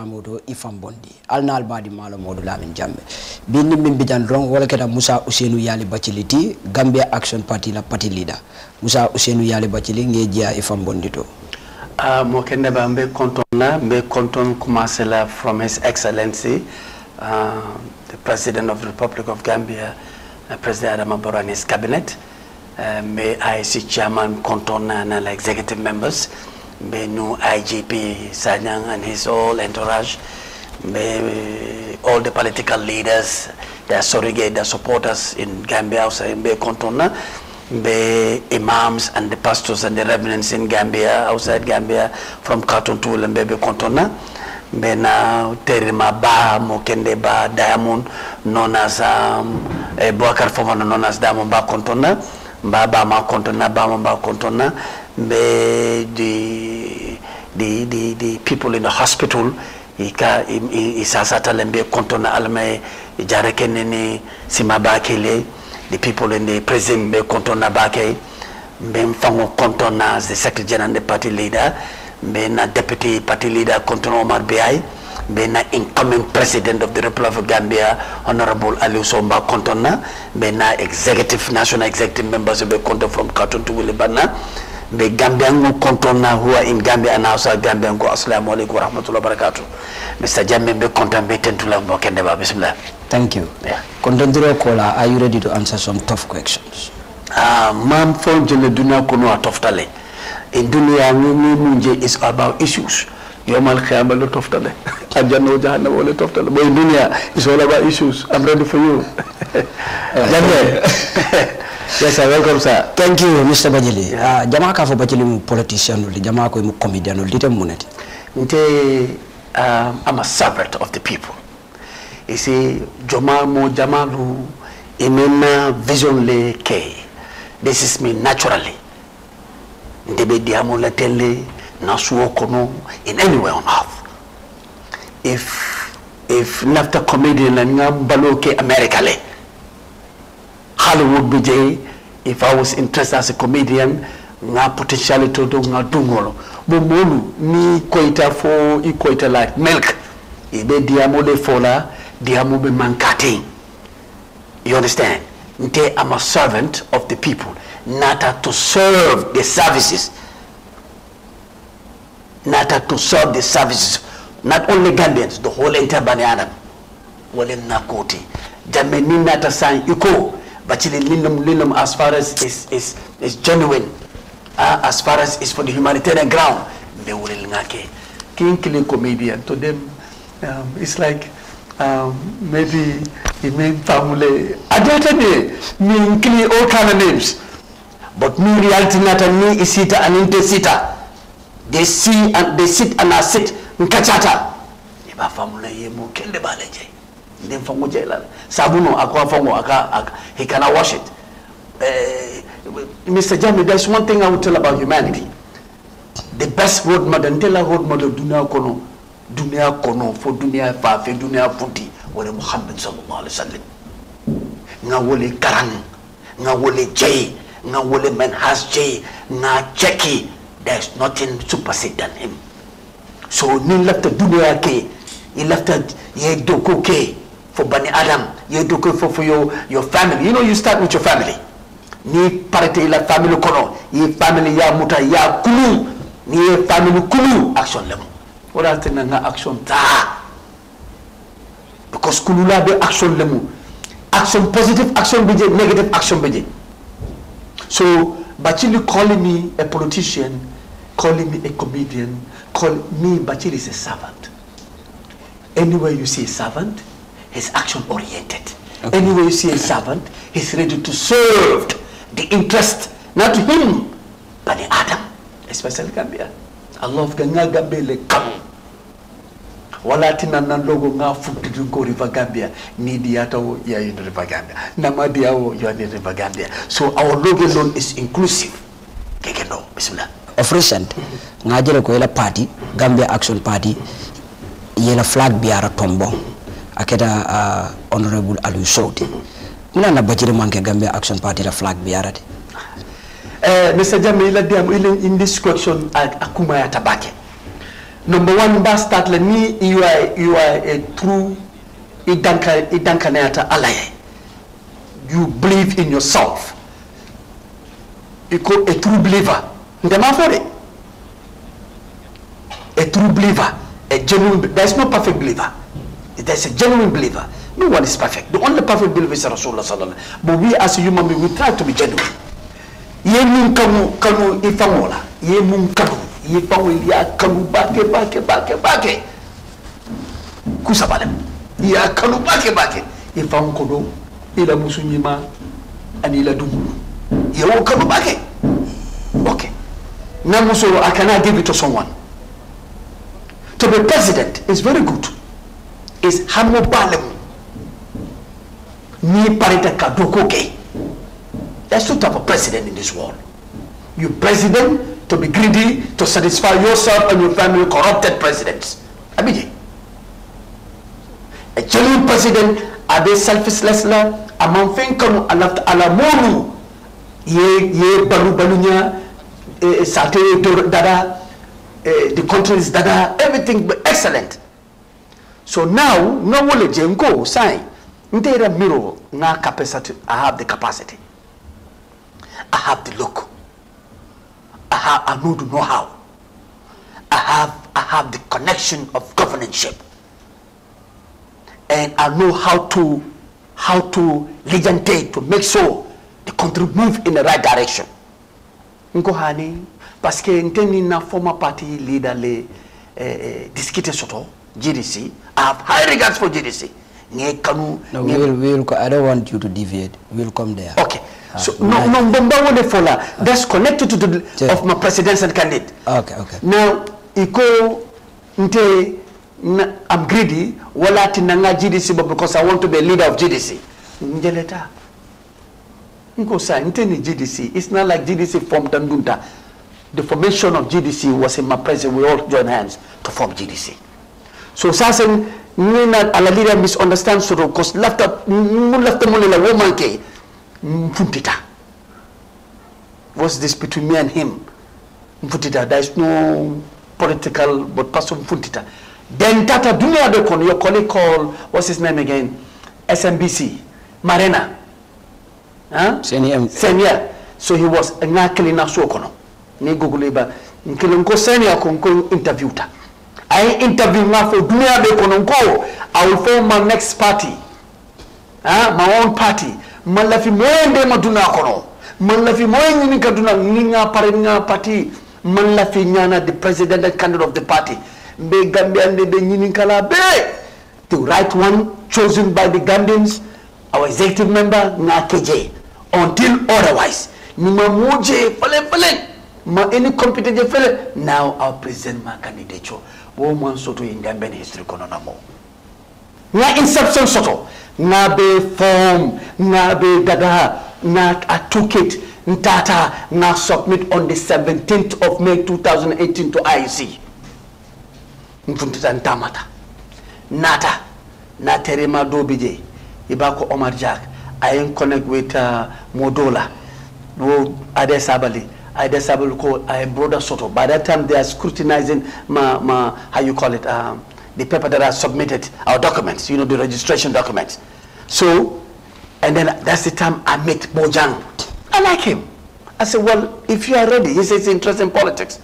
amoto ifan bondi alnal badi mala modu lamin jambe binni min bidan rong wala keda musa usenu yali baciliti gambia action party la party leader musa usenu yali bacili nge jia ifan bondi to uh, mo kende ba mbe konton la konton commencer la from his excellency ah, the president of the republic of gambia president adama barrow cabinet uh, eh, mbe chairman konton na la executive members new IGP Sanyang and his whole entourage, all the political leaders, their surrogate, their supporters in Gambia, outside Mbe Kontona, the imams and the pastors and the reverends in Gambia, outside Gambia, from Khartoum to Mbebe Kontona. now Terima Ba, Mokende Ba, Diamond, known as um, eh, Boakar Fomano, known as Diamond Ba Kontona, Ba Ba Ma Kontona, Ba Ma Ba Kontona, the, the, the, the people in the hospital ika isasata lembe kontona alme jareke nene sima bakele the people in the prison be kontona bake be mfango kontona the secretary general the party leader be na deputy party leader kontona Omar Biai be na incoming president of the Republic of Gambia honorable Aliou Somba kontona be na executive national executive members be kontona from Khartoum to Wilibana ɓe gambiyan on contonna huwa in gambi anawsa gambiyan go assalamu aleykum wa rahmatullah wabarakatu mr jammin ɓe contan ɓe tentulambo kendeba thank you kontondiro kola are you ready to answer some tough questions ah, mam fon jelle duniya kono a toftale e duniya ni mum je is about issues yomal qiyama toftale aljanna o jahannama o le duniya is all about issues i'm ready for you janne Yes, sir. Welcome, sir. Thank you, Mr. Bajili. Uh, ah, jamaa kafo bajili mu politician uli, jamaa ko mu comedian uli, dite muneti. Nte, um, I'm a servant of the people. You see, Jamaa mo Jamaa jamalu, imena vision le ke. This is me naturally. Nte be diamo letele, nasu okono, in anywhere on earth. If, if nafta comedian la nga balo America le. Hollywood BJ, if I was interested as a comedian, na potentially todo nga dungolo. Bomolu ni koita fo i koita like milk. Ibe diamo de fola, diamo be mankati. You understand? Nte I'm a servant of the people. Nata to serve the services. Nata to serve the services. Not only Gambians, the whole entire Bani Adam. Wale nakoti. Jameni nata san yuko. but Bachelin Linum as far as is, is, is genuine, uh, as far as is for the humanitarian ground, they Mbeulil Ngake. King killing comedian to them, um, it's like um, maybe it mean family. I don't know, me killing all kind of names. But me reality not a me is sita and inte sita. They see and they sit and I sit. Nkachata. Iba family ye mu kende baleje. den fango jela sabuno akwa fango aka, aka he cannot wash it uh, eh, mr jamie there's one thing i would tell about humanity the best road tell ntela road of dunia kono dunia kono fo dunia fa fe dunia futi wala muhammad sallallahu alaihi wasallam nga wole karan nga wole jay nga wole men has jay nga cheki there's nothing supersede than him so ni lafta dunia ke ni lafta ye doko ke for Bani Adam, you do good for, for your, your family. You know, you start with your family. Ni parity la family kono, ye family ya muta ya kulu, ni family kulu action level. What else na action ta? Because kulu la be action lemu. Action positive action be negative action be So Bachili calling me a politician, calling me a comedian, call me Bachili is a servant. Anywhere you see a servant, he's action-oriented. Okay. Anyway, you see a servant, he's ready to serve the interest, not him, but the Adam, especially Gambia. I love Ganga Gambia le kamu. Wala tina nandogo nga fukidu ko River Gambia, ni diatawo ya in River Gambia, namadiawo ya in River Gambia. So our logo alone is inclusive. no, bismillah. Of recent, ngajele ko yela party, Gambia Action Party, yela flag biara tombo. akeda uh, honorable aliyu sow de mina na bajire manke kɛ gambia action party la flag biyara de eh, mr jami ila diam ila in this question uh, akuma ya tabake number one ba start la ni you are you are a true idanka idanka na ta alaye you believe in yourself iko a true believer ndema fore a true believer a genuine there's no perfect believer If there's a genuine believer, no one is perfect. The only perfect believer is Rasulullah sallallahu Alaihi Wasallam. But we as human beings, we try to be genuine. Ye mun kanu kanu ifangola. Ye mun kanu. Ye pangwe ya kanu bake bake bake bake. Kusabale. Ya kanu bake bake. Ifan kodo ila musunyima ani ila dumulu. Ye wo kanu bake. Okay. Now, so I cannot give it to someone. To be president is very good is hamu balim ni parita kaduko ke that's the type of president in this world you president to be greedy to satisfy yourself and your family corrupted presidents abiji a genuine president abe selfless la amman fin kanu alafta alamonu ye ye balu balunya eh, sate dada eh, the country is dada everything excellent So now, no wole jengo sign. Ndera miro na capacity. I have the capacity. I have the look. I have I know the know-how. I have I have the connection of governorship. And I know how to how to legendate, to make sure the country move in the right direction. Nko hani, que nteni na former party leader le eh, eh discuter soto. GDC. I have high regards for GDC. No, we will, we will, I don't want you to deviate. We'll come there. Okay. Uh, so, no, no, Mbamba Fola, that's connected to the, so, of my presidential candidate. Okay, okay. Now, Iko, Nte, I'm greedy, wala tinanga GDC, but because I want to be a leader of GDC. Njeleta. Nko sa, Nte ni GDC. It's not like GDC formed Dungunta. The formation of GDC was in my presence. We all joined hands to form GDC. so sasa ni na alalira misunderstand so cause lafta mu lafta mu la woman ke mfutita what's this between me and him mfutita there is no political but person mfutita then tata dunia de kon your colleague call what's his name again SMBC Marina huh? senior senior so he was ngakili na so kono ni google ba nkilinko senior kon kon interview ta a interview n ka fɔ dunuya bɛ kɔnɔ n i will form my next party ah my own party ma lafi mɔɔ ma dunuya kɔnɔ ma lafi ɲini ka dunuya ni n ka pari ni n party. parti ma ɲana the president and candidate of the party n bɛ gambian de bɛ ɲininkala bɛɛ the right one chosen by the gambians our executive member n ka until otherwise ni ma mɔɔ jɛ falen falen ma any competent jɛ fɛlɛ now i will present my candidature. woman soto ye ngambe ni history kono na mo nga inception soto na be form na be dada nga i took it ntata na submit on the 17th of May 2018 to IEC mfuntita ntamata nata na terima dobi je ibako Omar Jack I connect with uh, Modola no Ade Sabali I guess I a broader sort of. By that time, they are scrutinizing my, my how you call it, um, the paper that I submitted, our documents, you know, the registration documents. So, and then that's the time I met Bojang. I like him. I said, well, if you are ready, he says interested in politics.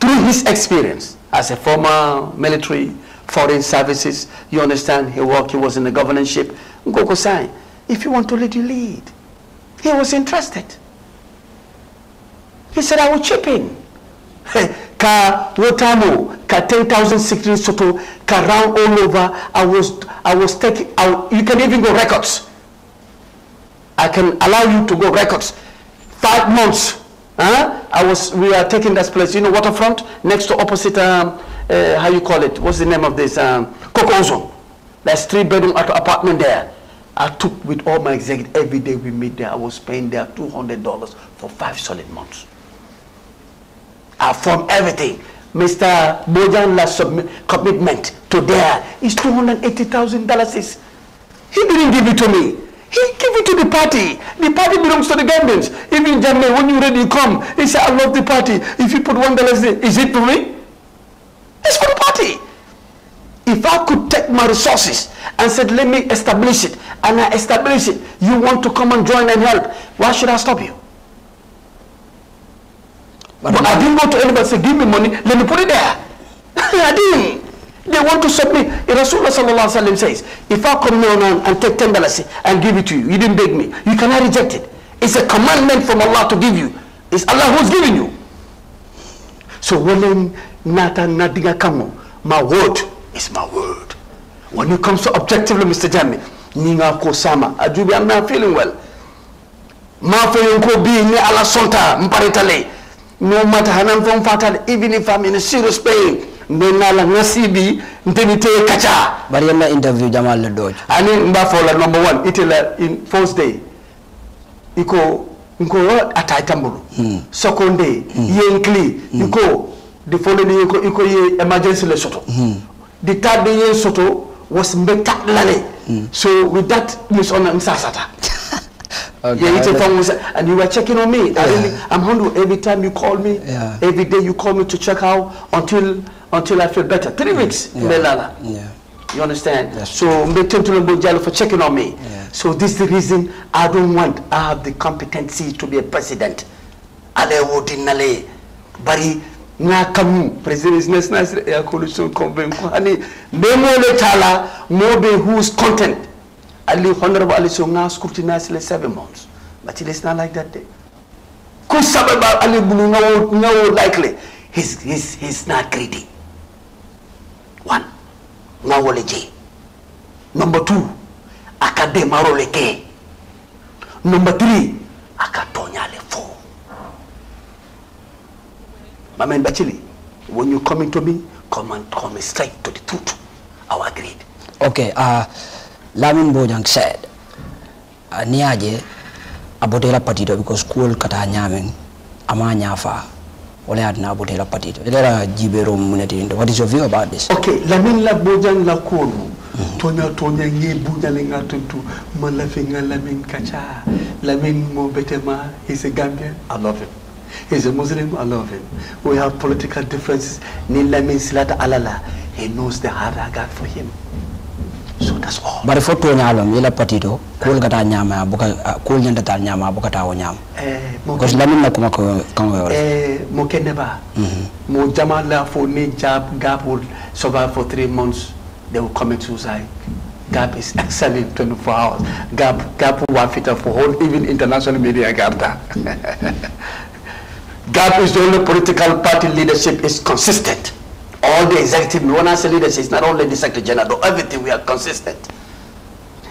Through his experience as a former military, foreign services, you understand, he worked, he was in the governorship. Ngoko Sai, if you want to lead, you lead. He was interested. He said, I will chip in. ka Rotamo, ka 10,000 secret soto, ka round all over. I was, I was taking, you can even go records. I can allow you to go records. Five months. Huh? I was, we are taking that place, you know, waterfront, next to opposite, um, uh, how you call it? What's the name of this? Um, That's There's three bedroom apartment there. I took with all my executives every day we meet there. I was paying there $200 for five solid months are from everything. Mr. Bojanla's commitment to there is $280,000. He didn't give it to me. He gave it to the party. The party belongs to the Gambians. Even Germany, when you ready, you come. He said, I love the party. If you put one dollar, is it for me? It's for the party. If I could take my resources and said, let me establish it, and I establish it, you want to come and join and help, why should I stop you? But, I didn't go to anybody say, give me money, let me put it there. I didn't. They want to submit. Rasulullah sallallahu alayhi wa says, if I come here and, and take 10 dollars and give it to you, you didn't beg me, you cannot reject it. It's a commandment from Allah to give you. It's Allah who's giving you. So when nata nadiga kamo, my word is my word. When it comes to objectively, Mr. Jami, ninga ko I ajubi, I'm not feeling well. Ma fe yonko bi ni ala sonta, mparitale. no matter how hanan fon fatal even if i'm in a serious pain mbenna la ngasibi ntemi te kacha bari yalla interview jamal le doji ani mba fola number one. itela in first day iko nko atai tambulu second day hmm. hmm. yenkli hmm. iko the following iko iko ye emergency le soto hmm. the third day soto was mbekta lale so with that miss ona msasata Okay, yeah, it's a phone and you were checking on me. Yeah. I really, I'm hungry every time you call me. Yeah. Every day you call me to check out until until I feel better. Three mm. weeks, yeah. Melala. Yeah. You understand? That's so Jalo for checking on me. Yeah. So this is the reason I don't want. I have the competency to be a president. Ale wodinale, bari na kamu president is nice nice. Ya kulusun konvenku. Ani memo le chala mobe who's content. Ali, Honorable Ali Songa scrutinized the seven months. But it is not like that day. Could Ali Bulu no, no likely. He's, he's, he's not greedy. One, knowledge. Number two, akademarole ke. Number three, akatonya le four. My man Bachili, when you come into me, come and come straight to the truth. I agreed. Okay. Uh, Lamin Bojang said, ah, Niaje, a abotela patito because school kata nyaming, ama nyafa, wale adna abotela patito. Elera jibero munetindo. What is your view about this? Okay, Lamin la Bojang la konu. Mm-hmm. tonya tonya ye bunya le nga tuntu malafi lamin kacha lamin mo betema he's a gambian i love him he's a muslim i love him we have political differences ni lamin silata alala he knows the heart i got for him so bare fo to nyalom yela patito kul gata nyama buka kuol nyanda tal nyama buka tawo nyam eh mo ko lamin na kuma ko kan wore eh mo kenne ba mo jama la fo ni jab gap will survive for 3 months they will commit suicide Gap is excellent 24 hours. Gap, Gap Wafita for whole, even international media Gapta. Gap is the only political party leadership is consistent. all the executive when I say leadership it's not only the secretary general everything we are consistent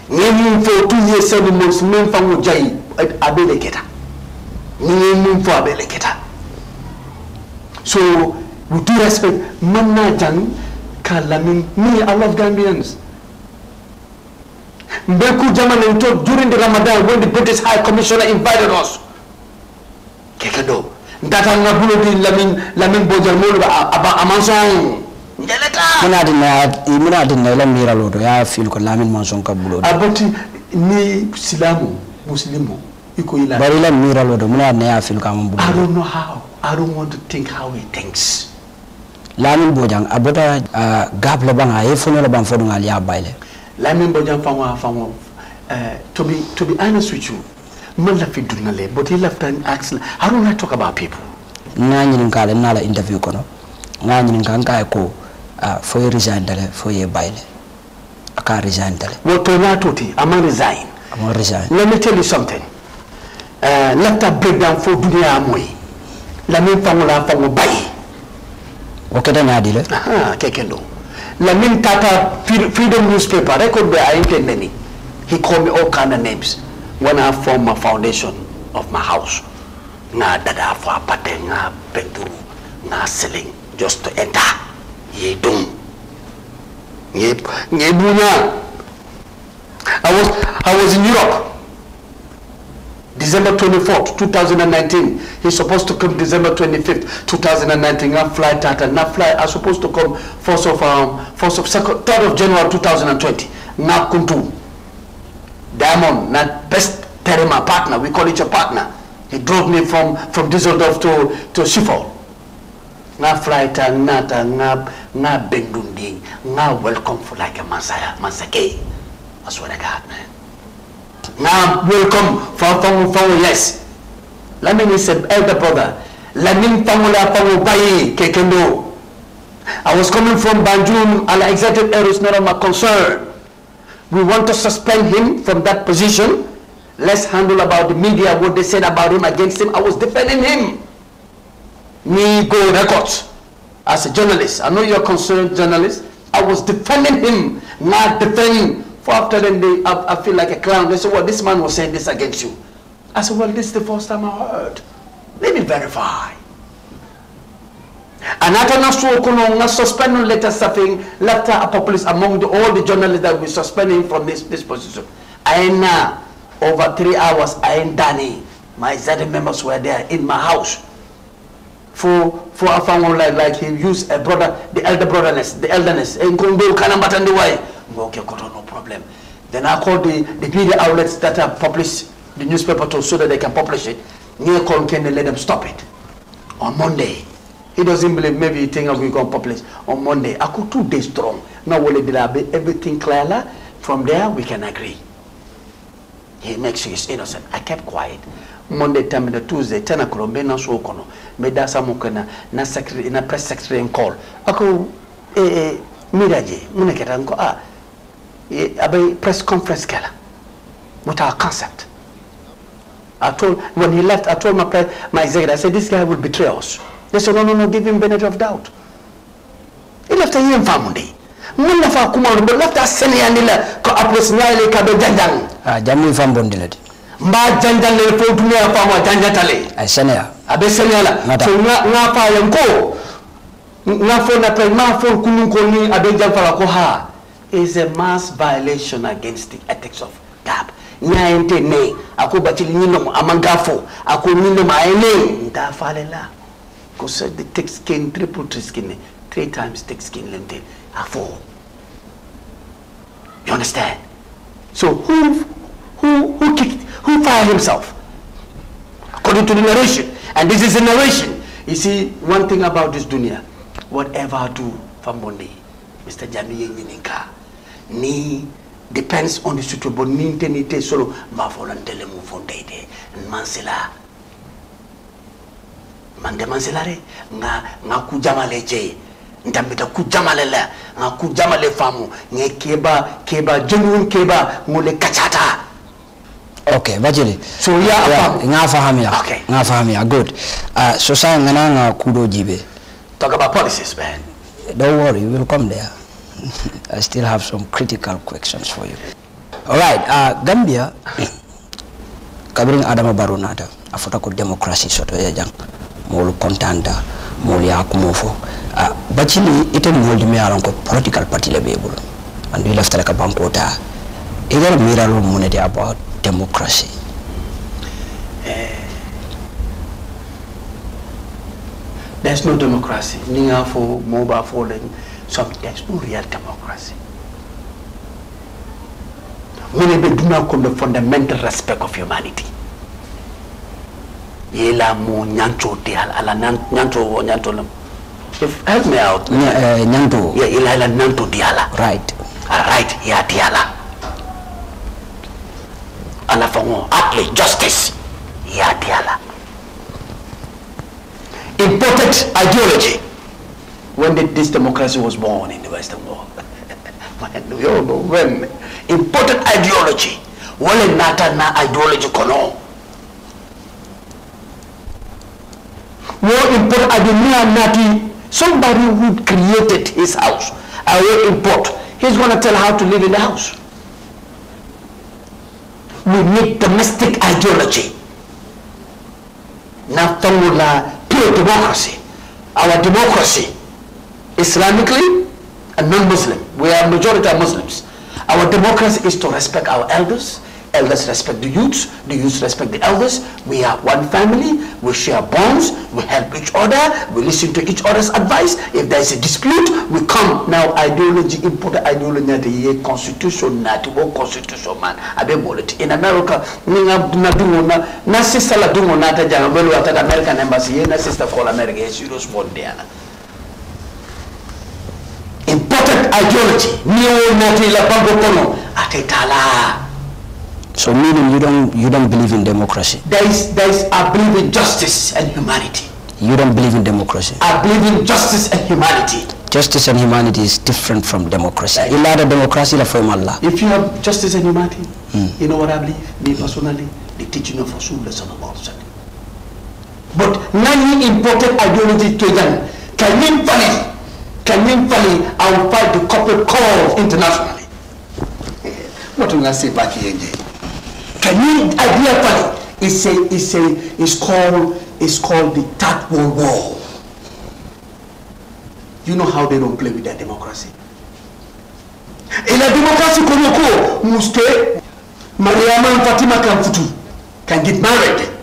ni min fɔ tu ye sɛbi mɔsi min fɔ ja yi a bɛ le kɛ tan ni ye min a bɛ so with due respect man n'a jan k'a lamɛn me I love Gambians n bɛ ku jama nin during the Ramadan when the British High Commissioner invited us kɛkɛ dɔw datan na bulodi lamin lamin bojar mulu aba amanson ndeleta muna dinna muna dinna lam mira lodo ya fil ko lamin manson ka bulodi abati ni silamu muslimu iko ila bari lam mira lodo muna dinna ya fil ka mun bulodi i don't know how i don't want to think how he thinks lamin bojang abota uh, gap la banga e fono la bang fodo ngal ya bayle lamin bojang fanwa fanwa uh, eh, to be to be honest with you man la fi dundalee but he left and asked how do I talk about people na ñinin kala na la interview kono na ñinin kan kay ko uh, fo ye resign dale fo ye bayle aka resign dale wo to na toti ama resign ama resign let me tell you something uh, eh, let that breakdown fo dunia moy la min fango la fango baye o keda na dile ah kekendo la min tata freedom newspaper record be ay intendeni he called me all kind of names when I form my foundation of my house, nga dada for apate nga bedroom na ceiling just to enter ye dum ye ye bunya. I was I was in Europe. December 24th, 2019. He's supposed to come December 25th, 2019. I fly Tata. Now fly. I'm supposed to come 1st of um, 1st of 2nd, 3rd of January 2020. Na Kuntum. Diamond, my best Terima partner, we call it a partner. He drove me from, from Düsseldorf to, to Schiphol. Nga flight na ta na nga bendundi welcome for like a masaya masake. I swear to God, man. Nga welcome for fangu fangu yes. Let is an elder brother. me tell you, fangu bayi kekendo. I was coming from Banjul, an executive air is not my concern. We want to suspend him from that position. Let's handle about the media, what they said about him, against him. I was defending him. Me go records as a journalist. I know you're concerned journalist. I was defending him, not defending. For after then, they, I, I feel like a clown. They said, well, this man was saying this against you. I said, well, this is the first time I heard. Let me verify. And at na Suokunonga suspend letter suffering letter populace among the, all the journalists that we suspending from this, this position. Aina, over three hours, I Ain Danny. my Zed members were there in my house. For for a family like, like he used a brother, the elder brotherness, the elderness, and Kundo Kanambatandi way. Okay, no problem. Then I called the, the media outlets that have published the newspaper to so that they can publish it. Near Kon can let them stop it on Monday. He doesn't believe maybe he think I'm going to go public on Monday. I could two days strong. Now will it be everything clear. From there we can agree. He makes sure he's innocent. I kept quiet. Monday time the Tuesday, ten o'clock, me na so kono. Me da sa mukena na secretary na press secretary and call. Ako eh eh miraje muna kera nko ah eh, abai press conference kela. What our concept. I told when he left, I told my my executive, I said this guy will betray us. They said, no, no, no, give him benefit of doubt. He left a yin family. Mun nafa kuma rubo lafta sani yani la ko apres nyale ka do janjang. Ah jamu fam bondile. Mba janjang le fo dunia fa mo janjatale. Ay ah, ya. Abe sania la. So nga nga fa yanko. Nga fo na pe ma fo kunun ko ni abe janfala ko ha is a mass violation against the ethics of GAP. Nya ente ne ako batili nyino amangafo ako nyino maene la. Because uh, the sodde texkin triple skin, three times skin. lente eh, are four. You understand? So who who who kicked who fired himself? According to the narration, and this is a narration. You see, one thing about this dunya, whatever I do, Fambondi, Mr. Jamiye Nyininka, ni depends on the suitable ninte nite solo ma volantele mu fondeide, mansela. mandemanzelare nga nga kujamale je ntambita kujamale la nga kujamale famu nge keba keba jenuun keba ngule kachata okay bajili so ya yeah, afamu nga fahamia ya. okay. nga fahamia ya. good uh, so sa ngana nga kudo jibe talk about policies man don't worry we will come there I still have some critical questions for you all right uh, Gambia kabirin adama barunada afuta ko democracy soto ya jang moolu contanta moolu ye a kumoo fo a bacili ite moolu dume ye a loŋ ko political parti le be i bulu andu i lafitala ka bankoo taa ite la miiraloo mu ne de about democracy eh, There's no democracy. Ninga for mobile falling. So there's no real democracy. We need to do not come the respect of humanity. Yela mo nyanto de ala nyanto nyancho lam if help me out Nya, eh, nyanto yeah ila ila nyanto de ala right all ah, right ya de ala ala fango atli justice ya de ala imported ideology when did this democracy was born in the western world man we all know when Important ideology wale nata na ideology kono More important, Ademir Nati, somebody who created his house, I will import. He's going to tell how to live in the house. We need domestic ideology, not formula, pure democracy. Our democracy, Islamically and non-Muslim, we are majority of Muslims. Our democracy is to respect our elders, Elders respect the youths, the youths respect the elders. We are one family, we share bonds, we help each other, we listen to each other's advice. If there is a dispute, we come. Now, ideology, important ideology, the constitution, or constitution man, abemolity. In America, na dungona, na sister la dungona, nata jana, velu ataka American embassy, na sister call America, is serious bond diana. Important ideology, neo nati la pango kono, ate tala. So meaning you don't you don't believe in democracy. There is there is I believe in justice and humanity. You don't believe in democracy. I believe in justice and humanity. Justice and humanity is different from democracy. Ilada democracy la form If you have justice and humanity, mm. you know what I believe? Me personally, the teaching of Rasulullah sallallahu alaihi But many important ideology to them can mean value. Can mean value and fight the corporate call internationally. What do I say back here again? Can you identify? It's a, it's a, it's called, it's called the Third World War. You know how they don't play with their democracy. In a democracy, Konyoko, Muste, Mariaman Fatima Kamfutu can get married.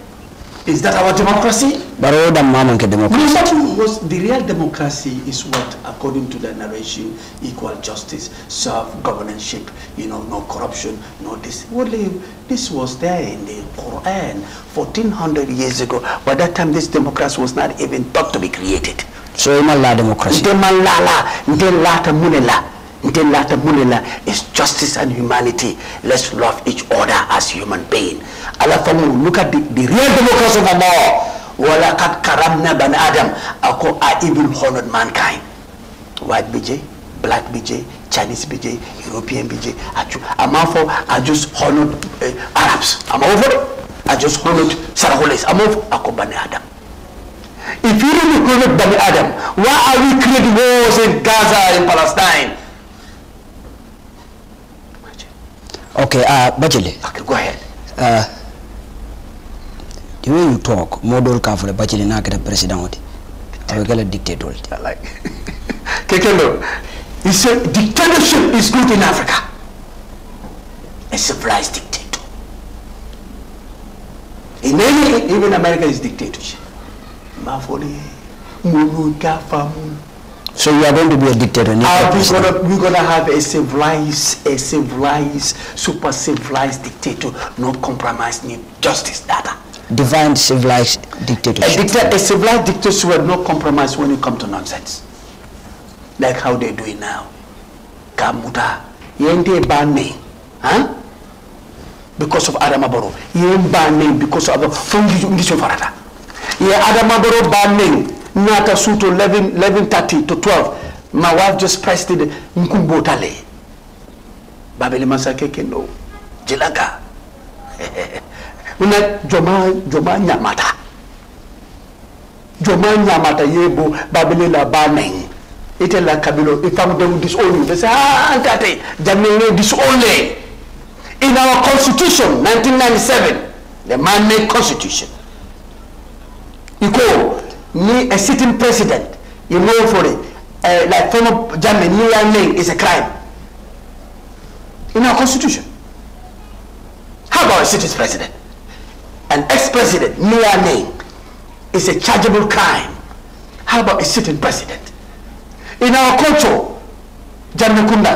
Is that our democracy? Baro damamanke democracy. Was the real democracy is what, according to the narration, equal justice, self governorship, you know, no corruption, no this. Well, this was there in the Quran 1400 years ago. By that time, this democracy was not even thought to be created. So, Malala democracy. Malala, is justice and humanity. Let's love each other as human being. Allah, Alafamu, look at the, the real democracy of Allah. Walakat karamna ban Adam. Ako are even honored mankind. White BJ, black BJ, Chinese BJ, European BJ. I'm for I just honored uh, Arabs. over. I just honored I'm over. ako ban Adam. If you really honored ban Adam, why are we creating wars in Gaza in Palestine? Okay, uh, Bachile. Okay, go ahead. Uh, the way you talk, more dole come for the not get a president. I will get a dictator. I like. Kekendo, he said dictatorship is good in Africa. A surprise dictator. In any, even America is dictatorship. Mafoli, mulu, kafamu, so you are going to be addicted on your uh, we're gonna we're gonna have a civilized, a civilized, super civilized dictator, not compromising justice data. Divine civilized dictatorship. A, dicta a civilized dictatorship will not compromise when it comes to nonsense. Like how they do it now. Kamuta. Yende ban me. Huh? Because of Adam Aboro. Yen ban me because of the Fungi Farata. Adam Aboro ban me. ñaata suuto 11 11:30 to 12 my wife just pressed it nkumbotale Babele masakɛ kendo jilaga na jɔma jɔma ɲamata jɔma ɲamata ye bo babeli la ba nɛŋ ite la kabilo disown you. they say ah antate disown le. in our constitution 1997 the man made constitution iko ni a sitting president you know for it uh, like former German ni name is a crime in our constitution how about a sitting president an ex-president ni name is a chargeable crime how about a sitting president in our culture German kunda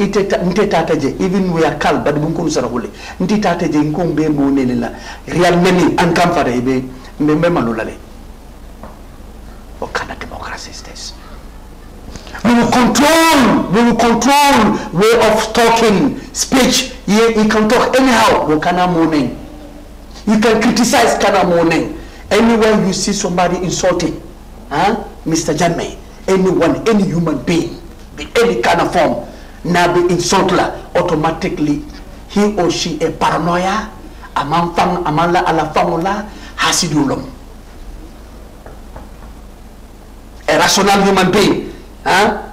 ite nte tataje, even we are kal but bun kun sara hule nte tata je ngombe mo nene la real name, an kam fara ibe me mbe malulale What kind of democracy is this? We will control, we will control way of talking, speech. You, you can talk anyhow, kind of morning. You can criticize kind of morning. Anywhere you see somebody insulting, huh? Mr. Jammeh, anyone, any human being, in any kind of form, now be insultler, automatically he or she a paranoia, a man fang, a man la, a la fangula, rational human being. Huh?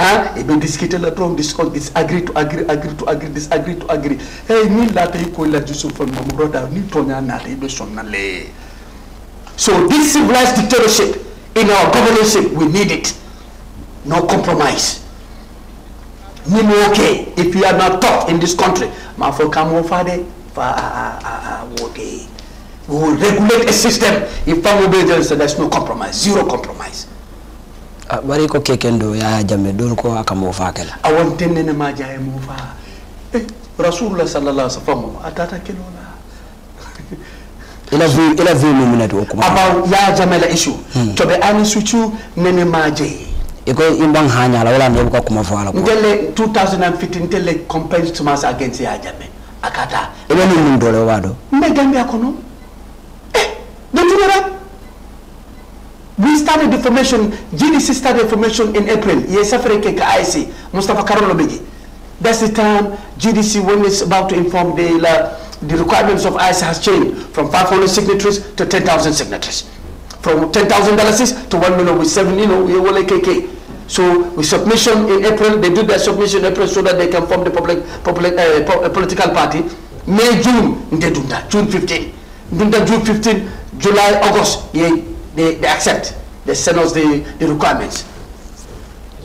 Huh? Eh bien, discuter là, prendre discuter, disagree to agree, agree to agree, disagree to agree. Hey, ni là, t'es quoi là, juste pour mon brother, ni ton yan là, t'es bien son allé. So this civilized dictatorship in our governance, we need it. No compromise. You know, okay, if you are not taught in this country, my for come on ah, ah, ah, okay. we will regulate a system. If I'm obedient, there's no compromise, zero compromise. bari ko keken do ya jamme dol ko aka mo fa kala awon tenne ne ma jaye mo fa eh, rasulullah sallallahu alaihi wasallam atata na ila vi ila vi mo minato ko aba ya jamme la isu hmm. to be ani suchu nene ma jaye ko imban hanya la wala ndo ko kuma fa la ko ngelle 2015 tele compensation against ya jamme akata ebe ni mun dole wado me gambia kono eh do tunora we started the formation, GDC started the formation in April. Yes, Africa IC, Mustafa Karolo Beji. That's the time GDC, when it's about to inform the, uh, the requirements of IC has changed from 500 signatories to 10,000 signatories. From $10,000 to 1 million with 7, you know, KK. So with submission in April, they do their submission in April so that they can form the public, public uh, uh political party. May, June, they do that, June 15. Do that June 15, July, August, yeah, they, they accept. They send us the, the requirements.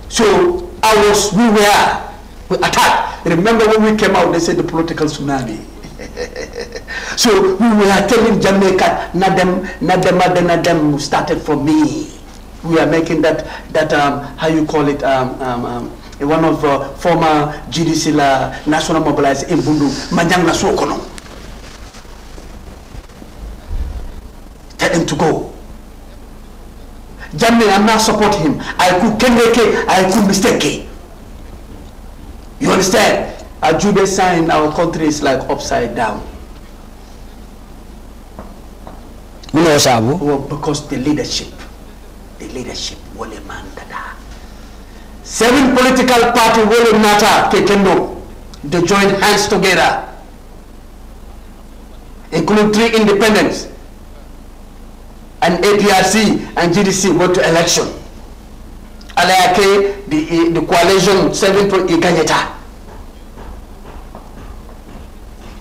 So I was, we were, we attacked. Remember when we came out, they said the political tsunami. so we were telling Jamaica, them, them, not them, who started for me. We are making that, that um, how you call it, um, um, um one of uh, former GDC la National Mobilized in Bundu, Manjang Nasuokono. Tell them to go. Jammeh, I'm not support him. I could Kendeke, I could mistake. You understand? Ajube sign in our country is like upside down. You know Sabu? Well, because the leadership, the leadership, wole man dada. Seven political party wole nata kekendo. They joined hands together, including three independents. and ADRC and GDC go to election. Alayake, the, the coalition 7.8 Iganyeta.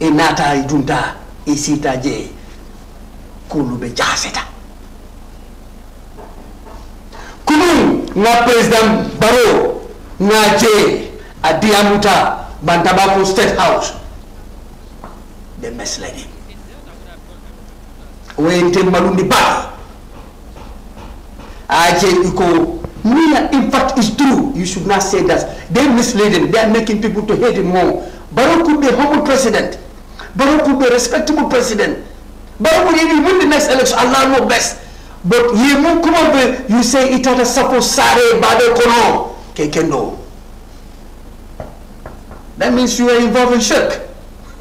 Inata idunta isita je kulube jaseta. kulu na President Baro na je adiamuta Bantabaku State House. The mess lady. When Timbalundi Baro. Nina, in fact, is true. You should not say that. They're misleading. They are making people to hate him more. Barrow could be a humble president. Barrow could be a respectable president. But could even win the next election. Allah knows best. But ye you say it had a sapo sare bade kono kekendo. That means you are involved in shirk.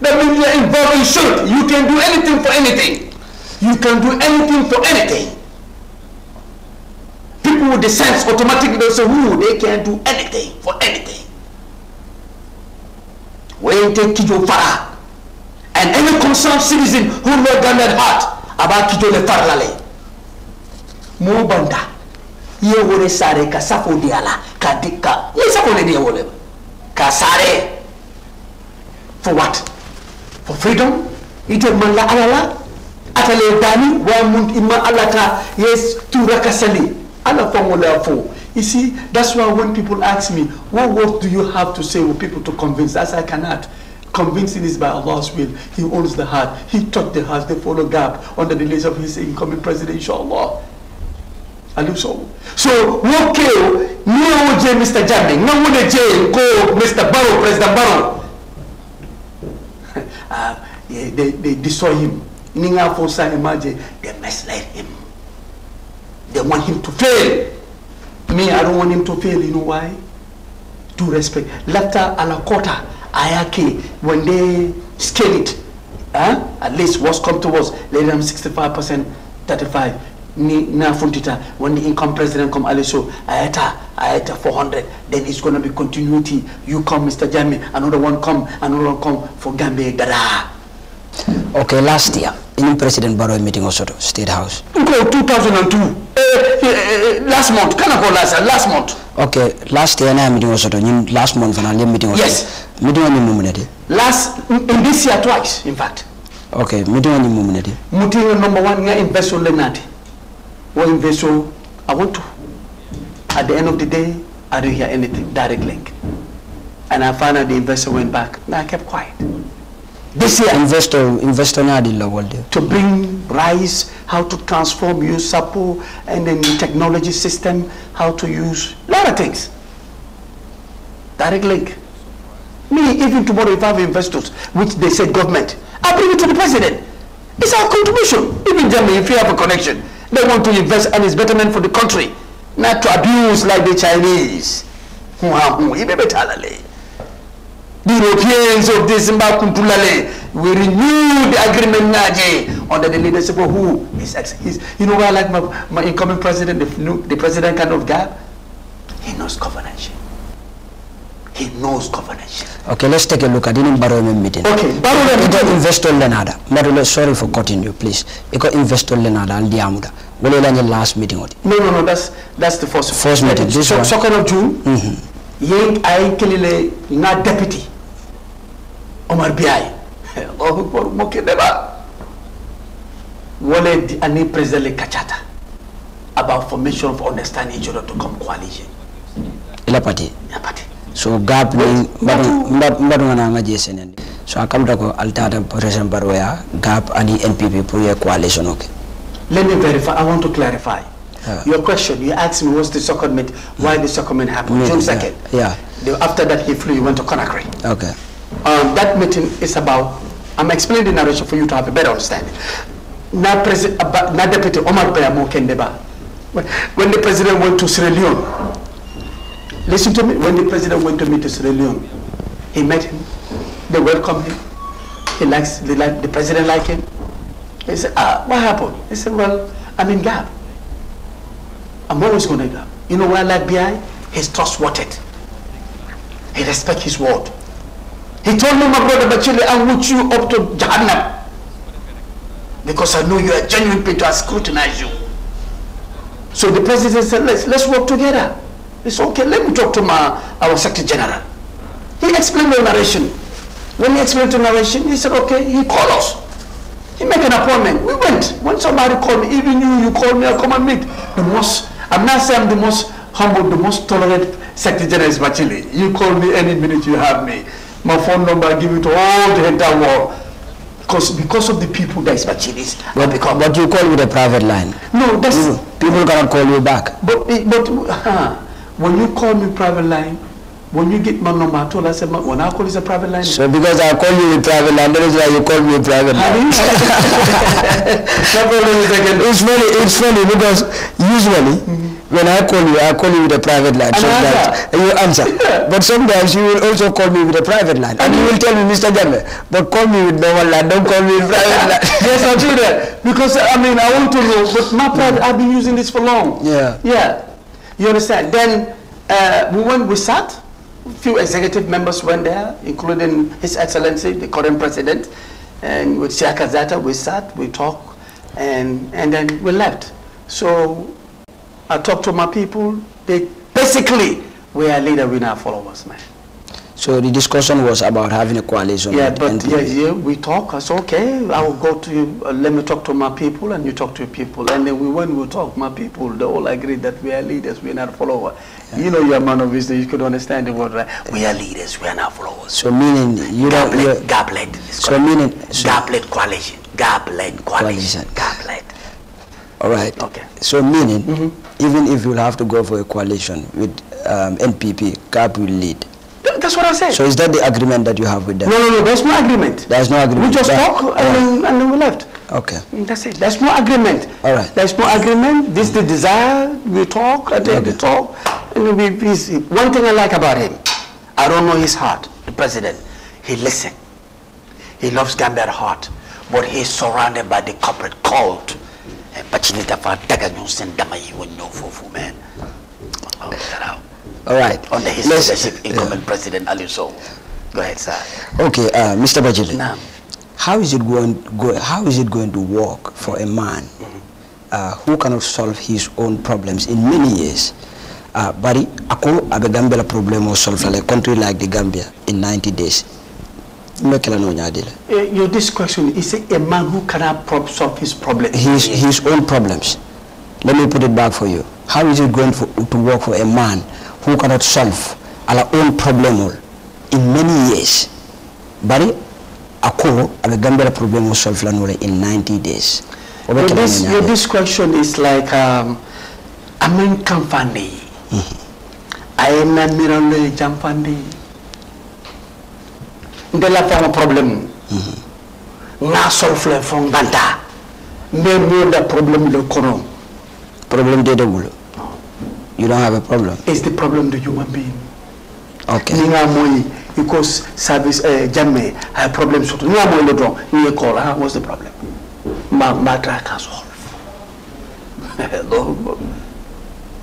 that means you are involved in shirk. You can do anything for anything. You can do anything for anything. People with the sense automatically they say, who they can do anything for anything. When take Kijo Farah and any concerned citizen who know gun and heart about Kijo Le Farlale. Mubanda. Ye wole sare ka safo di ala ka dikka. Ye safo le di wole. Ka sare. For what? For freedom? Ito man la ala la? atale dani wa imma alaka yes rakasali ala you see that's why when people ask me what words do you have to say for people to convince as i cannot convincing is by Allah's will. He owns the heart. He taught the heart. They follow gap under the leadership of his incoming president, inshallah. do So, woke ni oje Mr. Jamming, No, wone je Mr. Barrow, President Barrow. uh, yeah, they, they destroy him. Ninga for Sanimaje, they must let him. They want him to fail. Me, I don't want him to fail, you know why? To respect. Lata alakota ayake, when they scale it, huh? at least what's come to us, let them 65%, 35 ni na funtita when the income president come aliso ayata ayata 400 then it's going to be continuity you come mr Jamie, another one come another one come for gambia dada Okay, last year, in President Barrow meeting also to State House. Go 2002, uh, eh, uh, eh, eh, last month, can I go last, uh, last month? Okay, last year, I meeting You last month, and I meeting also. Yes. Meeting on the Last, in this year twice, in fact. Okay, meeting on the moment. Meeting number one, yeah, investor on Lenati. What invest I want to. At the end of the day, I don't hear anything, direct link. And I found out the investor went back, Now I kept quiet this year investor investor, in the world to bring rice how to transform use sapo and then technology system how to use lot of things direct link me even tomorrow if i have investors which they said government i bring it to the president it's our contribution even germany if you have a connection they want to invest and it's betterment for the country not to abuse like the chinese the Europeans of this Mbakuntulale will renew the agreement Naje under the leadership of who? His his, you know why I like my, my incoming president, the, new, the president kind of guy? He knows governance. He knows governance. Okay, let's take a look. at the not borrow meeting. Okay, borrow them. Iko investor lenada. Madule, sorry for cutting you, please. Iko investor lenada al diamuda. Wale the last meeting No, no, no. That's that's the first. First meeting. This so, Second of June. Mm -hmm. Yek I kelele na deputy. Omar Biaye Allahu Akbar moo ko débat wanted the any president Kachata about formation of understanding each other to come coalition. Ila party. Ila party. So gap ni mbadu mbadu wana maji senende. So akamta ko altata president Barwaya gap ani NPP pour your coalition okay. Let me verify. I want to clarify. Yeah. Your question, you asked me what's the secondment, why the secondment happened, mm. June 2nd. Yeah. yeah. After that, he flew, he went to Conakry. Okay. Um, that meeting is about, I'm explaining the narration for you to have a better understanding. Now, President, uh, now Deputy Omar Bayamo Kendeba, when the president went to Sierra Leone, listen to me, when the president went to meet to Sierra Leone, he met him, they welcomed him, he likes, they like, the president liked him. He said, ah, what happened? He said, well, I'm in Gab. I'm always going to Gab. You know why I like BI? He's trustworthy. He respects his word. He told me, my brother Machili, I want you up to Jahannam. Because I know you are genuine people, I scrutinize you. So the president said, let's, let's work together. It's okay, let me talk to my, our secretary general. He explained the narration. When he explained the narration, he said, okay, he called us. He made an appointment. We went. When somebody called me, even you, you called me, I'll come and meet. The most, I'm not saying I'm the most humble, the most tolerant secretary general is Bachili. You call me any minute you have me my phone number, I give it to all the entire world. Because because of the people that is machinist. But, because, but you call with a private line. No, that's... You, mm. people cannot call you back. But, eh, but uh-huh. when you call me private line, when you get my number, I told I said, when I call, is a private line. So because I call you a private line, that is why you call me a private line. it's, funny, it's funny because usually mm -hmm. When I call you, I call you with a private line. That you answer. But sometimes you will also call me with a private line. And you will tell me, Mr. Jame, but call me with normal line. Don't call me with private line. yes, I do that. Because, I mean, I want to know, but my private, I've been using this for long. Yeah. Yeah. You understand? Then uh, we went, we sat. A few executive members went there, including His Excellency, the current president. And with Siaka Zata, we sat, we talked, and, and then we left. So I talk to my people. They basically we are leader, we are followers, man. So the discussion was about having a coalition. Yeah, but yeah, yeah, we talk. I said, okay, I will go to you. Uh, let me talk to my people, and you talk to your people. And then we, when we talk, my people, they all agree that we are leaders, we are not followers. Yeah. You know, you're a man of wisdom. You could understand the word, right? We are leaders, we are not followers. So meaning you don't. Goblet. So meaning. So goblet coalition. Goblet coalition. coalition. Goblet. All right. Okay. So meaning. Mm -hmm even if you will have to go for a coalition with um, NPP, CAP will lead. That's what I said. So is that the agreement that you have with them? No, no, no. There's no agreement. There's no agreement. We just talk and, right. then, and, then, we left. Okay. Mm, that's it. There's no agreement. All right. There's no agreement. This is the desire. We talk and okay. we talk. And we, one thing I like about him, I don't know his heart, the president. He listens. He loves Gambia heart, but he's surrounded by the corporate cult bacini dafa daga ñoom seen dama yi woon ñëw foofu mais garaaw all right on the his leadership incumbent president Aliou Sow go ahead sir okay uh, Mr. Bajili naam how is it going go, how is it going to work for a man mm -hmm. uh, who cannot solve his own problems in many years uh, bari ako abe Gambia la problem solve a country like the Gambia in 90 days uh, your this question is a man who cannot solve his problems. His his own problems. Let me put it back for you. How is it going for, to work for a man who cannot solve our own problem in many years? But ako aga gambia problem will solve in 90 days. Your this, your this question is like um, a man company. I am not mirror company mbela fɛn problème n'a sɔrɔ filɛ fɛn banta mais n'o da problème le kɔnɔ. problème de de you don't have a problem. it's the problem the human being. okay ni nka mɔ i have service ɛɛ eh, jamme a problème sɔrɔ ni le ni ah what's the problem ma ma try ka solve.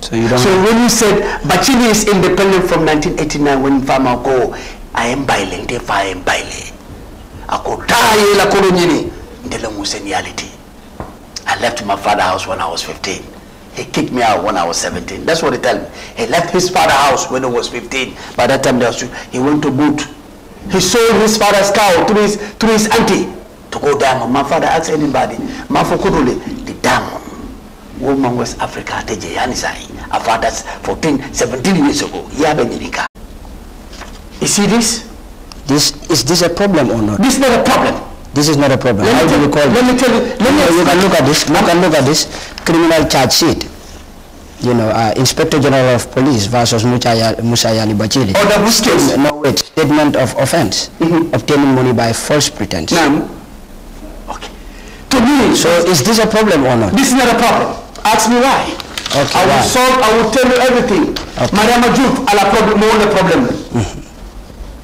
So, you don't so when you said Bachini is independent from 1989 when Vama go, ayembayle nte fa ayembayle ako taye la kodo nyini ndele museniality i left my father house when i was 15 He kicked me out when I was 17. That's what he tell me. He left his father house when he was 15. By that time, there was, he went to boot. He sold his father's cow to his, to his auntie to go diamond. My father asked anybody, Mafokudule, the diamond. Woman West Africa, Teje sai a father's 14, 17 years ago. Yabe Nyinika. You see this? This Is this a problem or not? This is not a problem. This is not a problem. Let How do you call let Me tell you, let you, know, you can look at this. You can look at this criminal charge sheet. You know, uh, Inspector General of Police versus Musayali Bachili. Oh, that was case. No, wait. Statement of offense. Mm -hmm. Obtaining money by false pretense. Ma'am. Okay. To me. So is this a problem or not? This is not a problem. Ask me why. Okay. I will solve. I will tell you everything. Okay. Madam Ajuf, I'll problem. No problem. Mm -hmm.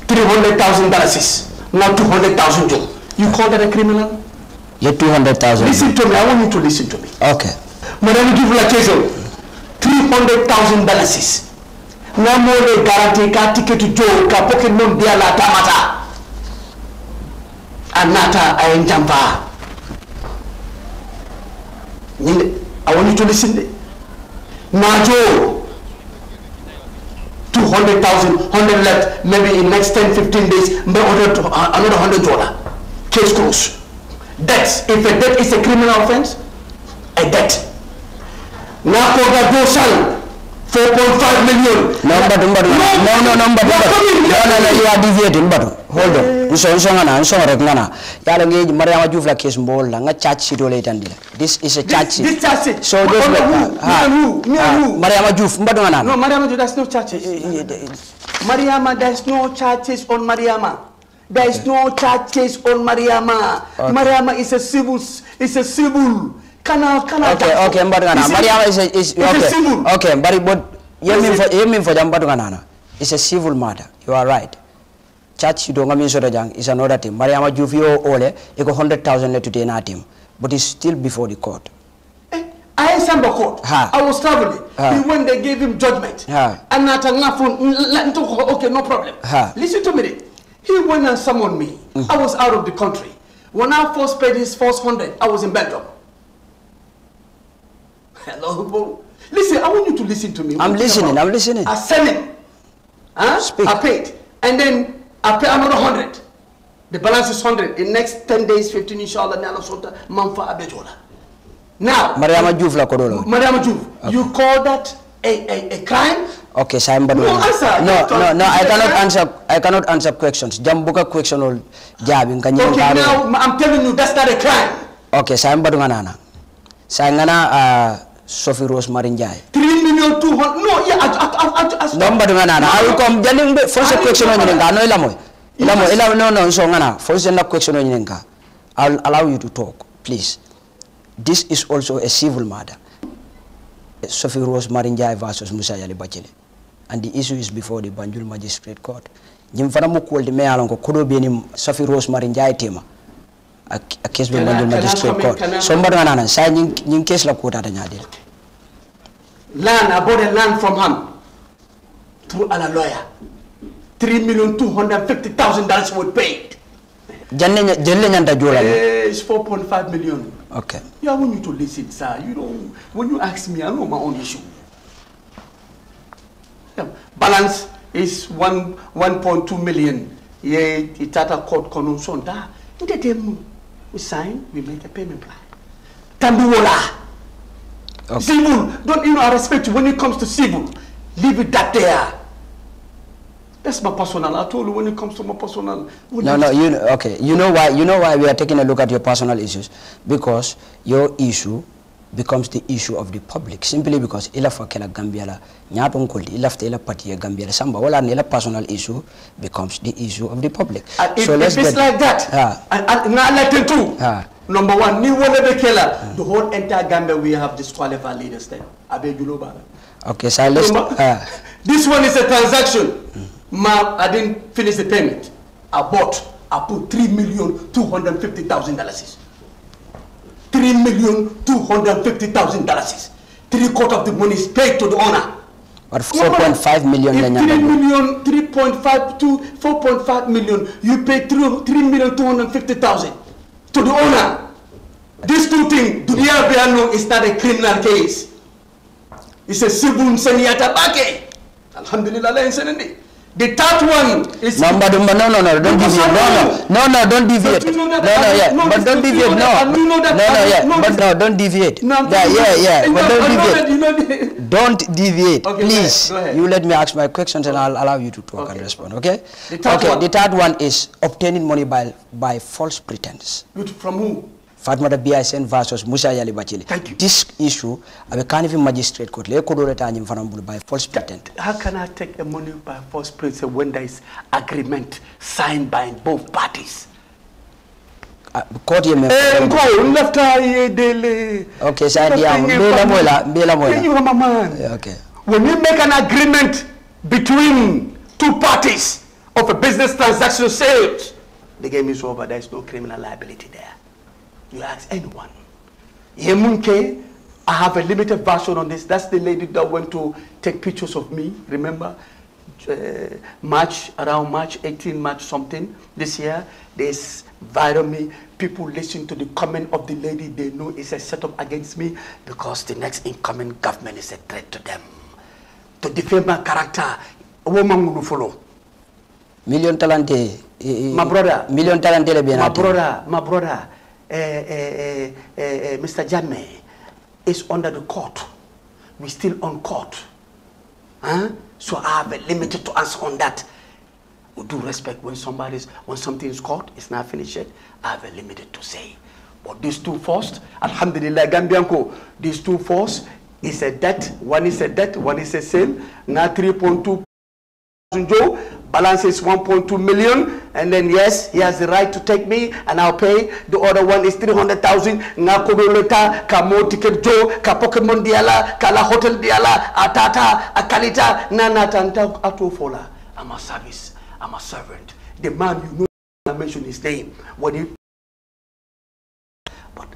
300,000 dalasis, not 200,000 Joe. You call that a criminal? Yeah, 200,000. Listen to me. I want you to listen to me. Okay. Madam Givula Chezo, 300,000 dalasis. Now more they guarantee ka ticket to Joe, ka pocket mon dia la tamata. Anata ayenjamba. I want you to listen. Now Joe, 200,000, 100 left, maybe in next 10, 15 days, uh, another 100 dollar. Case closed. Debt, if a debt is a criminal offense, a debt. Now for the Gosal, 4.5 million. Number, number, no, no, number, no, no, no, you are deviating, but. hold on nso nso ngana nso ngare ngana yala ngi mariama diouf la mbol la nga church si dole tandila this is a church this, church so do la ha mariama diouf do ngana no mariama diouf that's no church eh, eh, eh, mariama there's no churches on mariama there is no churches on mariama okay. mariama is a civil is a civil kana kana okay okay do ngana mariama is a, is okay okay mbari bod yemi fo yemin fo jam do ngana it's a civil matter you are right church do nga min sota jang is another team mariama jufi o ole iko 100000 le today na team but it's still before the court eh, I am the court. Ha. I was traveling. Ha. When they gave him judgment, ha. and at okay, no problem. Ha. Listen to me. He went and summoned me. Mm I was out of the country. When I first paid his first hundred, I was in Belgium. Hello, Bo. Listen, I want you to listen to me. I'm listening. I'm listening. I sent him. Huh? Speak. I paid, and then After another 100, the balance is 100. In next 10 days, 15, inshallah, Nala Sota, Manfa Abedola. Now, Mariama Juf la Kodolo. Mariama Juf, okay. you call that a, a, a crime? Okay, Simon. I'm no, answer. No, no, no, I cannot answer. I cannot answer questions. Jambuka question or jabbing. Kan okay, now I'm telling you that's not a crime. Okay, I'm Badunganana. Sangana, uh, ah, Sophie Rose Marinjai. Three million 200 no ya at at at at nomba dunga na na ayu kom jaling be force question on nyinga no ilamo ilamo ilamo no no so ngana question on nyinga i'll allow you to talk please this is also a civil matter Sophie Rose Marinjai versus Musa Yali Bachele and the issue is before the Banjul Magistrate Court jim fana mo kolde me alon Sophie Rose Marinjai tema a case be Banjul Magistrate Court so mbar ngana nan sa case la kota da land, I bought a land from him through a lawyer. Three million two hundred fifty thousand dollars were paid. It's four point five million. Okay. Yeah, I want you to listen, sir. You don't. When you ask me, I know my own issue. Yeah. Balance is one one point two million. Yeah, it's at a court convention. That, we sign, we make a payment plan. Tambuola. Civil, don't you know I respect you when it comes to civil. Leave it that there. That's my personal. I told you when it comes to my personal. No, no, you know, okay. You know why? You know why we are taking a look at your personal issues because your issue becomes the issue of the public simply because ila Gambia la nyapon koldi ila ila party la samba wala la personal issue becomes the issue of the public. so if, let's if it's get, like that, uh, and, and not let too. Uh, Number one, ni wole be kela. The whole entire Gambia, we have disqualified leaders then. Abe Juloba. Okay, so let's... Uh, this one is a transaction. Ma, I didn't finish the payment. I bought, I put three million two hundred fifty thousand dollars. Three million two hundred fifty thousand dollars. Three quarter of the money is paid to the owner. But 4.5 million if 3 million, 3.5 to 4.5 million, you pay 3, two hundred fifty thousand to the owner. These two things, Dunia Biano is not a criminal case. It's a civil seniata bake. Alhamdulillah, the third one is number no no no don't deviate no no no no don't deviate no no yeah but don't deviate no no no yeah but no don't deviate yeah yeah yeah but don't deviate don't deviate please you let me ask my questions and I'll allow you to talk and respond okay okay the third one is obtaining money by by false pretense from who Fatmata BISN versus Musa Yali Bachili. Thank you. This issue, I can't even magistrate court. Le kodore tanjim fanambulu by false pretense. How can I take a money by false pretense when there is agreement signed by both parties? Uh, court eh, okay sa dia mbela mola mola you my man okay when you make an agreement between two parties of a business transaction sales the game is over there is no criminal liability there you ask anyone. Yemunke, I have a limited version on this. That's the lady that went to take pictures of me, remember? Uh, March, around March 18, March something this year, This viral me. People listen to the comment of the lady. They know it's a setup against me because the next incoming government is a threat to them. To defame my character, a woman will follow. Million talente. My brother. Million na. My brother. My brother. Eh, eh, eh, Mr. Jammeh is under the court. We're still on court. Huh? So I have a limited to answer on that. We do respect, when somebody's when something is caught, it's not finished yet, I have a limited to say. But these two first, Alhamdulillah, Gambianko. these two first is a debt, one is a debt, one is a sale, now 3.2 balance is 1.2 million and then yes he has the right to take me and i'll pay the other one is 300000 ngakololeta kamo ticket kala hotel diala atata akalita nanatanta atofola i'm a service i'm a servant the man you know i mentioned his name when he but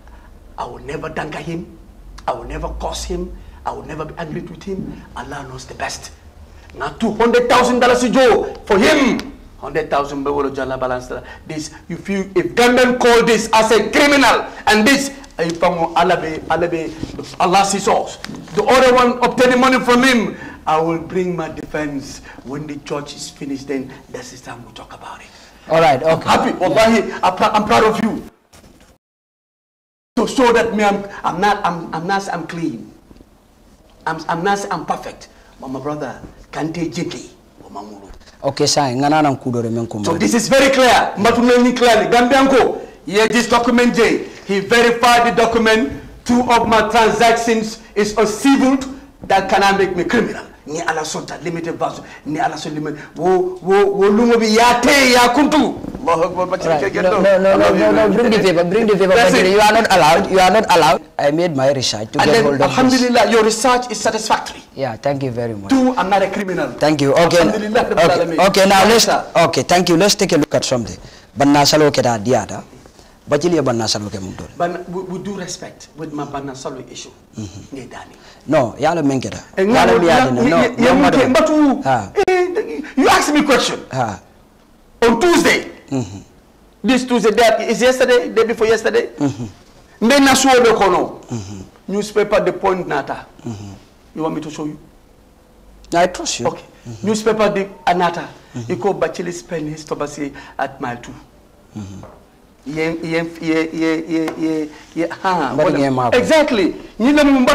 i will never dangle him i will never curse him i will never be angry with him allah knows the best not two hundred thousand dollars Joe for him. Hmm. Hundred thousand bewolo jala balance this. If you if gunmen call this as a criminal and this ifango eh, alabe alabe Allah sees The other one obtaining money from him. I will bring my defense when the church is finished. Then that's the time we we'll talk about it. All right. Okay. I'm happy. Wallahi, yeah. I'm proud of you to so show that me I'm, I'm not I'm, I'm not I'm clean. I'm, I'm not I'm perfect. But my brother, kante gently okay sai ngana so this is very clear matunani clearly gambianko yeah this document day he verified the document two of my transactions is a civil that cannot make me criminal ni ala sonta limité basu ni ala so limé wo wo wo lumo bi ya te ya kuntu allahu akbar ke gendo no no no no, no bring the paper bring the paper you are not allowed you are not allowed i made my research to get hold of alhamdulillah your research is satisfactory yeah thank you very much i'm not a criminal thank you okay okay, okay now let's okay thank you let's take a look at something banna salo ke da diada bajili banna salo ke mum do but we do respect with my banna salo issue mm dani No, yalo menkeda. Eh, yalo miyadene. No, no madam. But You ask me question. On Tuesday. Mm -hmm. This Tuesday, that is yesterday, day before yesterday. Mm -hmm. Then I saw the kono. Mm -hmm. Newspaper the point nata. Mm -hmm. You want me to show you? I trust you. Okay. Mm-hmm. Newspaper the anata. You mm-hmm. call Iko bachili spend his at mile two. Mm -hmm. Exactly. Eh, no, eh, no,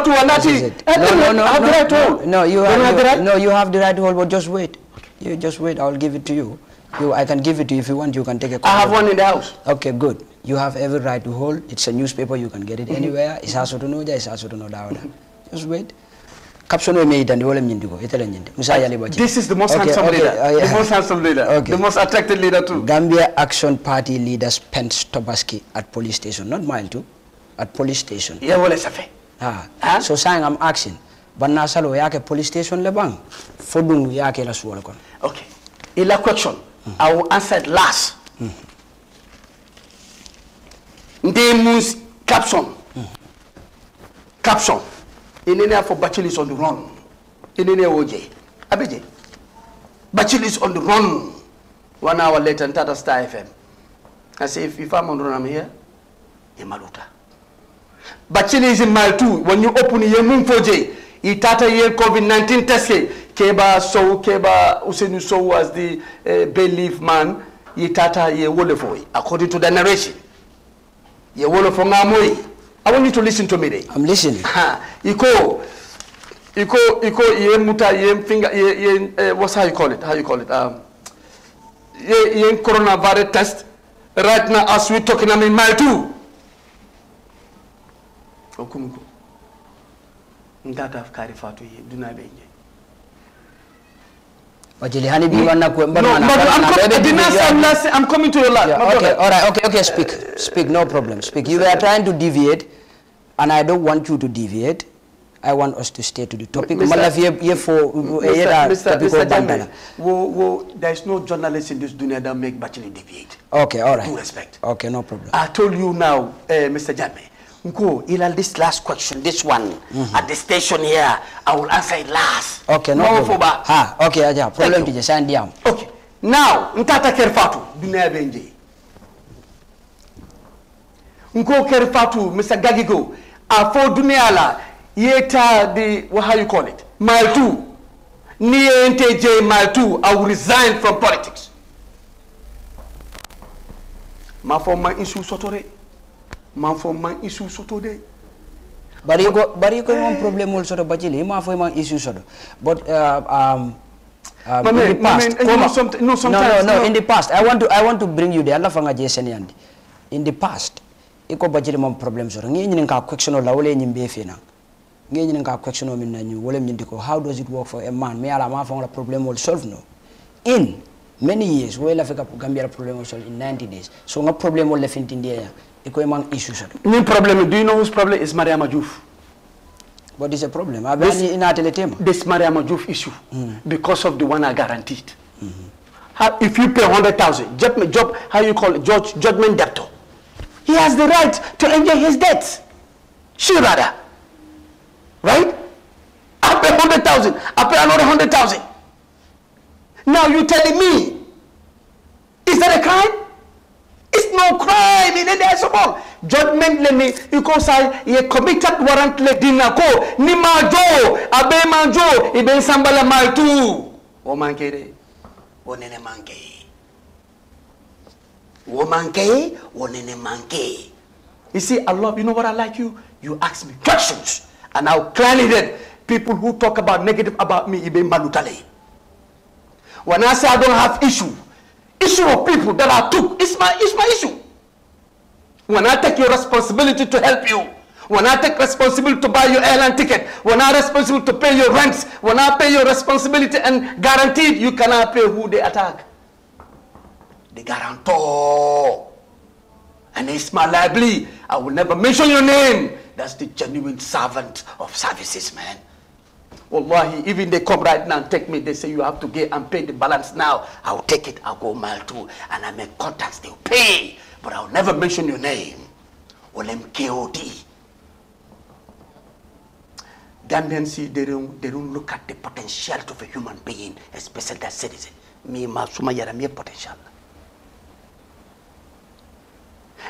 eh, no, no, no, you have, no, you have the right to hold, but just wait. You just wait, I'll give it to you. You, I can give it to you if you want. You can take a. Copy. I have one in the house. Okay, good. You have every right to hold. It's a newspaper. You can get it mm-hmm. anywhere. It's also to know. It's also to know. Mm-hmm. Just wait caption this is the most okay, handsome okay, leader uh, yeah. the most handsome leader okay. the most attractive leader too gambia action party leader spent tobaski at police station not mine too at police station yeah wala safe ah huh? so saying i'm asking, but now, salo yake police station le bang fodungu yake la suwal kon okay ila question mm. i will answer it last mm. Mm-hmm. ndemus caption mm. caption Enene for Bachelor is on the run. Enene Oje. Abeje. Bachelor is on the run. One hour later, and Tata Star FM. I say, if, if I'm on the run, I'm here. maluta. Bachelor is in mile two. When you open J, he Itata year COVID-19 test Keba so Keba Usenu so was the uh, eh, belief man. Itata Ye Wolefoi, according to the narration. Ye from Ngamoi. I want you to listen to me. I'm listening. Iko, iko, iko. Ye muta, ye finger, ye, eh, What's how you call it? How you call it? Um, Yen ye coronavirus test. Right now, as we talking, I'm in my two. Okumuko. Ndata afkari fatu ye. Duna benye. Wajilihani bi hmm? wana kuemba no, but I'm, coming to your lab. Yeah, okay, all right, okay, okay, speak, speak, no problem, speak. You were trying to deviate and I don't want you to deviate. I want us to stay to the topic. Mr. Mr. Mr. there is no journalist in this dunya that make Bachelor deviate. Okay, all right. Due respect. Okay, no problem. I told you now, uh, eh, Mr. Jammeh, Nko, this last question, this one, mm -hmm. at the station here, I will answer it last. Okay, no, no problem. Ha, okay, aja, problem to just hand down. Okay, now, Ntata Kerfatu, dunya benji. Nko Kerfatu, Mr. Gagigo, a fo duniya la i di how you call it mile two ni ye n mile two i will resign from politics ma for ma isu sɔtɔ ma for ma isu sɔtɔ But you i but you got eh. one problem also. But you, sɔrɔ bacili ma for i ma isu but uh, um, um in the past, eh, no, no, no, In the past, I want to, I want to bring you there. all of jese andi. In the past, iko budget mom problem joro ngi ñin ka question la wala ñim be fi nak ngi ñin ka question min nañu wala ñin diko how does it work for a man me ala ma fa la problem will solve no in many years we wala fika gambia problem will solve in 90 days so nga problem wala finti ndiya iko man issue so ni problem do you know whose problem is mariama diouf But it's a problem. This, this Mariam Juf issue, mm. because of the one I guaranteed. Mm -hmm. how, if you pay 100,000, job, job, how you call it, judge, judgment debtor, he has the right to enjoy his debts. She rather. Right? I pay 100,000. I pay another 100,000. Now you're telling me, is that a crime? It's no crime in any small. Judgment leni ikosa he committed warrant le dinako ni majo abe majo ibe sambala maitu. O mankere. O nene mankere womanke, man manke. You see, I love, you know what I like you? You ask me questions. And I'll clearly that people who talk about negative about me, Ibe Malutale. When I say I don't have issue, issue of people that I took, it's my, it's my issue. When I take your responsibility to help you, when I take responsibility to buy your airline ticket, when I responsible to pay your rents, when I pay your responsibility and guaranteed you cannot pay who they attack the guarantor. And it's my liability. I will never mention your name. That's the genuine servant of services, man. Wallahi, even they come right now and take me, they say you have to get and pay the balance now. I'll take it, I'll go mile two, and I make contacts, they'll pay. But I'll never mention your name. Well, I'm KOD. Gambians, see, they don't, they don't look at the potential of a human being, especially that citizen. Me, Masuma, Yaramir potential.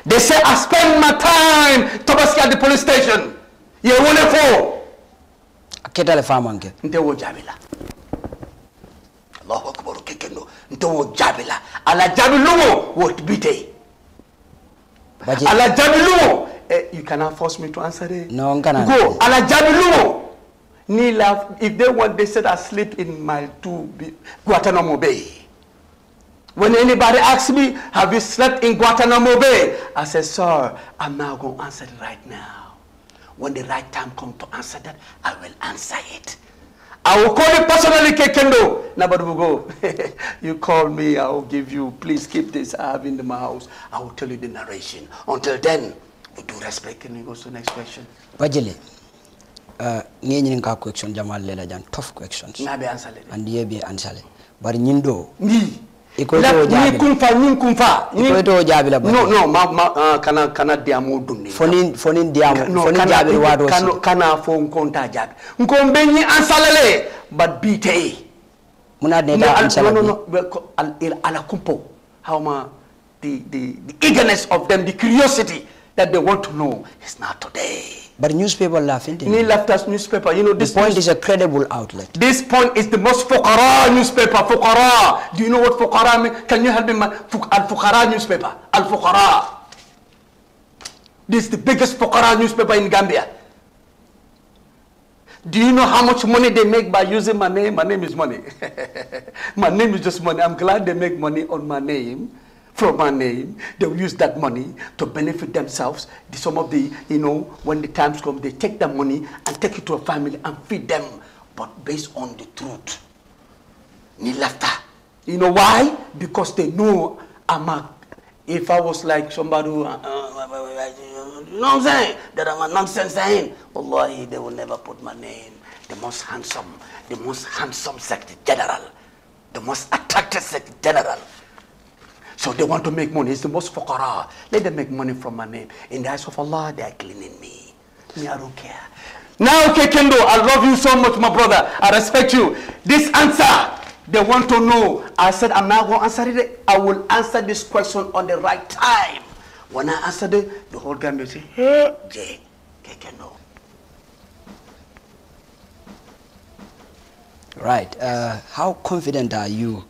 They say, I spend my time Tobaski at the police station. Ye wole fo. Akedale famu ange. Nte the jabila. Allahu akbar kekendo. Nte wo jabila. Ala jabiluwo wo bite. Ala jabilu, eh, you cannot force me to answer it. No, I'm gonna Go. Ala jabilu. Nila, if they want, they said I sleep in my two Guantanamo Bay. When anybody asks me, have you slept in Guantanamo Bay? I say, sir, I'm not going to answer it right now. When the right time comes to answer that, I will answer it. I will call you personally, Kekendo. Nobody will go. you call me, I will give you. Please keep this. I have in my house. I will tell you the narration. Until then, with due respect, can you go to the next question? Bajile, uh, question, Jamal Lelajan, tough questions. Nabi answer And ye be answer. But Nindo, me. ni kumpa ni kumpa ni ko to jabi la no no ma, ma uh, kana kana diamo dunni foni foni diamo no, foni kana, jabi wado kana kana fo konta jabi nko benyi ansalale bad bite muna ne da ansala no no, no al, ala kumpo how ma the the the eagerness of them the curiosity that they want to know is not today But newspaper laughing. Ni us newspaper. You know this. The point is a credible outlet. This point is the most fukara newspaper. Fukara. Do you know what fukara mean? Can you help me? Al fukara newspaper. Al fukara. This is the biggest fukara newspaper in Gambia. Do you know how much money they make by using my name? My name is money. my name is just money. I'm glad they make money on my name from my name. They'll use that money to benefit themselves. The, some of the, you know, when the times come, they take that money and take it to a family and feed them, but based on the truth. Ni laughter. You know why? Because they know I'm a, if I was like somebody who, uh, you uh, know what I'm saying, that I'm a nonsense saying, Wallahi, they will never put my name. The most handsome, the most handsome sect General, the most attractive sect General, so they want to make money. It's the most fuqara. Let them make money from my name. In the eyes of Allah, they are cleaning me. Me, I don't care. Now, Kekendo, I love you so much, my brother. I respect you. This answer, they want to know. I said, I'm not going to answer it. I will answer this question on the right time. When I answered it, the whole gang, will say, hey, Jay, Kekendo. Right. Uh, how confident are you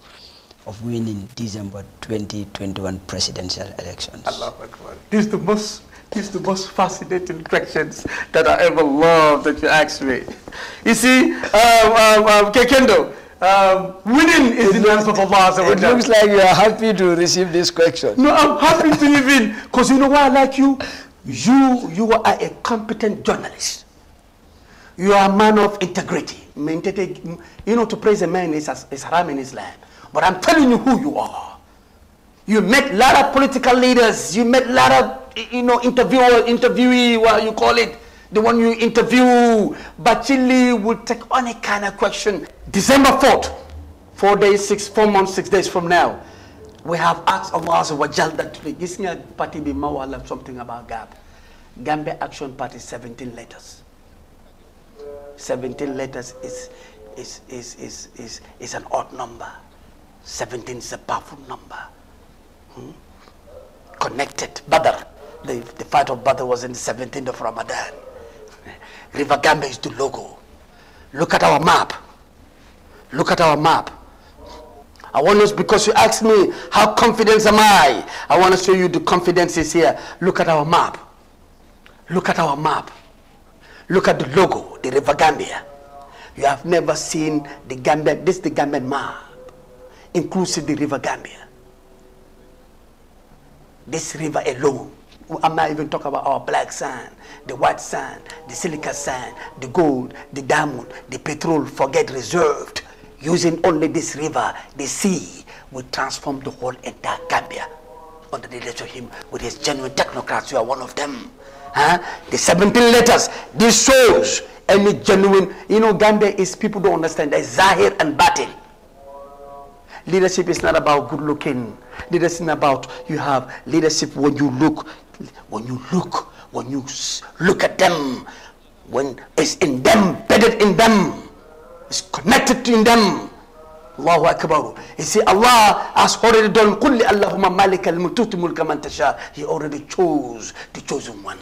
of winning December 2021 presidential elections. Allahu This is the most this is the most fascinating questions that I ever loved that you asked me. You see, um, um, um, Kekendo, um, winning is it the looks, of Allah. So it looks like you are happy to receive this question. No, I'm happy to even, because you know why I like you? You, you are a competent journalist. You are a man of integrity. You know, to praise a man is, is haram in Islam. But I'm telling you who you are. You met a lot of political leaders. You met a lot of, you know, interviewer, interviewee, what you call it. The one you interview, Chile will take any kind of question. December 4th, four days, six, four months, six days from now, we have asked Allah Azawajal that today, this party be mawala something about GAP. Gambia Action Party, 17 letters. 17 letters is, is, is, is, is, is an odd number. 17 is a powerful number. Hmm? Connected. Badr. The, the fight of Badr was in the 17th of Ramadan. River Gambia is the logo. Look at our map. Look at our map. I want us, because you asked me, how confident am I? I want to show you the confidence is here. Look at our map. Look at our map. Look at the logo, the River Gambia. You have never seen the Gambian, this is the Gambian map inclusive the river Gambia. This river alone, I'm not even talking about our black sand, the white sand, the silica sand, the gold, the diamond, the petrol, forget reserved. Using only this river, the sea, will transform the whole entire Gambia under the leadership of him with his genuine technocrats. You are one of them. Huh? The 17 letters, this shows any genuine, you know, Gambia is people don't understand. There's Zahir and Batin. Leadership is not about good looking. Leadership is about you have leadership when you look, when you look, when you look at them, when it's in them, embedded in them, it's connected in them. Allahu Akbar. You see, Allah has already done, kulli اللَّهُمَّ malik al مُلْكَ مَنْ tasha. He already chose the chosen one.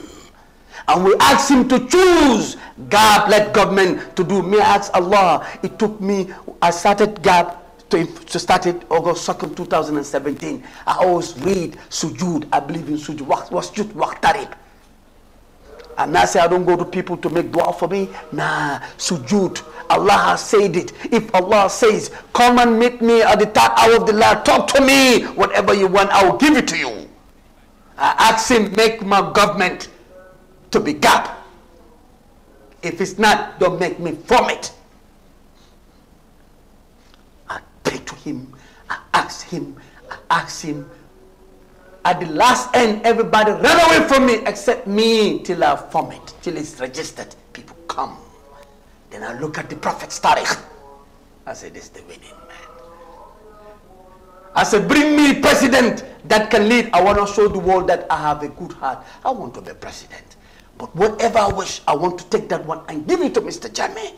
And we ask him to choose God-led government to do. Me ask Allah, it took me, I started God to, to start it August 2nd, 2017. I always read sujud. I believe in sujud. Wasjud waqtarib. And I say I don't go to people to make dua for me. Nah, sujud. Allah has said it. If Allah says, come and meet me at the third hour of the night, talk to me. Whatever you want, I will give it to you. I ask him, make my government to be gap. If it's not, don't make me from it. to him. I asked him. I asked him. At the last end, everybody ran away from me except me till I form it, till it's registered. People come. Then I look at the prophet's tarikh. I said, this is the winning man. I said, bring me president that can lead. I want to show the world that I have a good heart. I want to be president. But whatever I wish, I want to take that one and give it to Mr. Jamie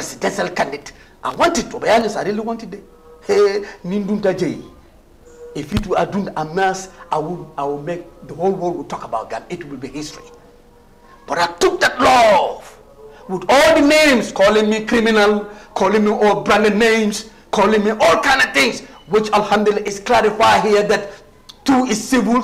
presidential candidate. I wanted to be honest, I really wanted it. Hey, Nindunta Jay. If it were a mess, I will, I will make the whole world will talk about them. It will be history. But I took that love with all the names, calling me criminal, calling me all branded names, calling me all kind of things, which Alhamdulillah is clarified here that two is civil,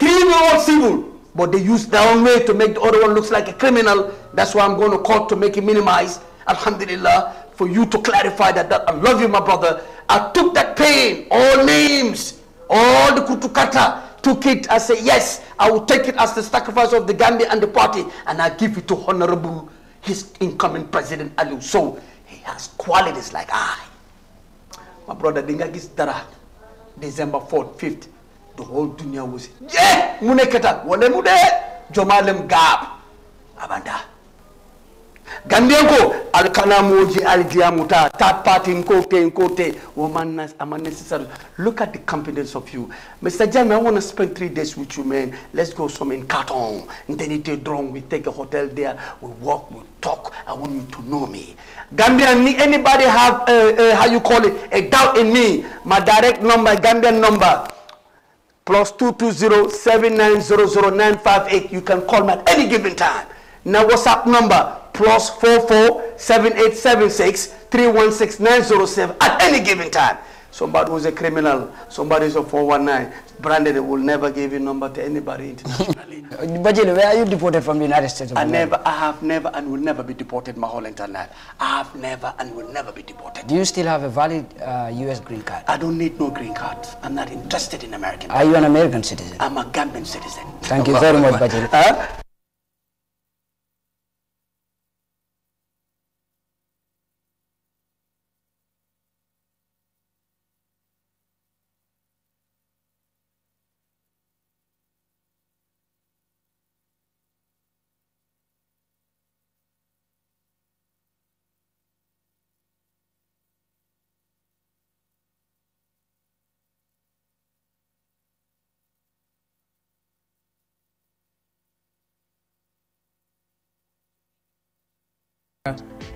three were all civil, but they use their own way to make the other one looks like a criminal. That's why I'm going to court to make it minimize. Alhamdulillah, for you to clarify that, that I love you, my brother. I took that pain, all names, all the kutukata, took it. I say yes, I will take it as the sacrifice of the Gambia and the party, and I give it to Honorable, his incoming President Ali. So he has qualities like I. My brother, Dingagis Dara, December 4th, 5th, the whole dunya was, yeah, munekata, wale mude, jomalem gab, abanda. Gambianko alkana moji aljiamuta third party nkote nkote woman unnecessary. Look at the confidence of you. Mr. Jami, I want to spend three days with you, man. Let's go somewhere in Carton. And then a drone, we take a hotel there, we walk, we talk. I want you to know me. Gambian, anybody have, uh, uh, how you call it, a doubt in me? My direct number, Gambian number plus 220-7900958. You can call me at any given time. Now, WhatsApp number plus 447876316907 at any given time. Somebody who's a criminal, somebody who's a 419, Brandon will never give your number to anybody internationally. Bajil, where are you deported from the United States? I never, I have never and will never be deported my whole entire life. I have never and will never be deported. Do you still have a valid uh, U.S. green card? I don't need no green card. I'm not interested in American. Are you an American citizen? I'm a Gambian citizen. Thank you very much, Bajil. Huh?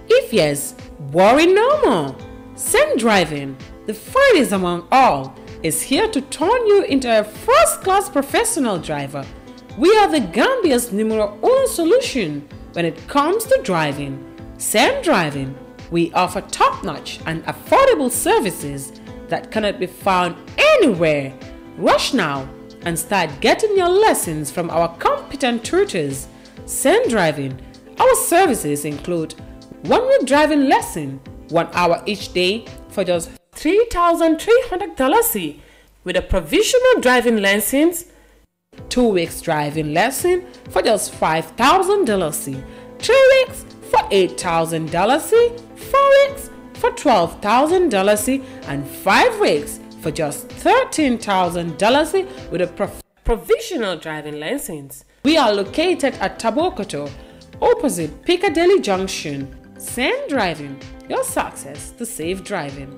If yes, worry no more. Send Driving, the finest among all, is here to turn you into a first class professional driver. We are the Gambia's numero uno solution when it comes to driving. Send Driving, we offer top notch and affordable services that cannot be found anywhere. Rush now and start getting your lessons from our competent tutors. Send Driving our services include one week driving lesson, one hour each day for just $3,300 with a provisional driving license, two weeks driving lesson for just $5,000, three weeks for $8,000, four weeks for $12,000, and five weeks for just $13,000 with a prof provisional driving license. We are located at Tabokoto Opposite Piccadilly Junction. Send driving your success to safe driving.